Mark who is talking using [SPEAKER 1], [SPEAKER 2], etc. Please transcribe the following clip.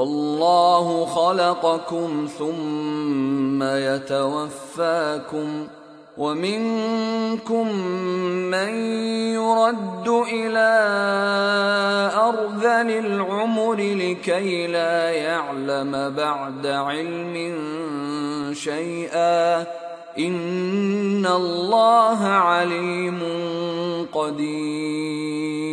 [SPEAKER 1] والله خلقكم ثم يتوفاكم ومنكم من يرد الى ارذل العمر لكي لا يعلم بعد علم شيئا ان الله عليم
[SPEAKER 2] قدير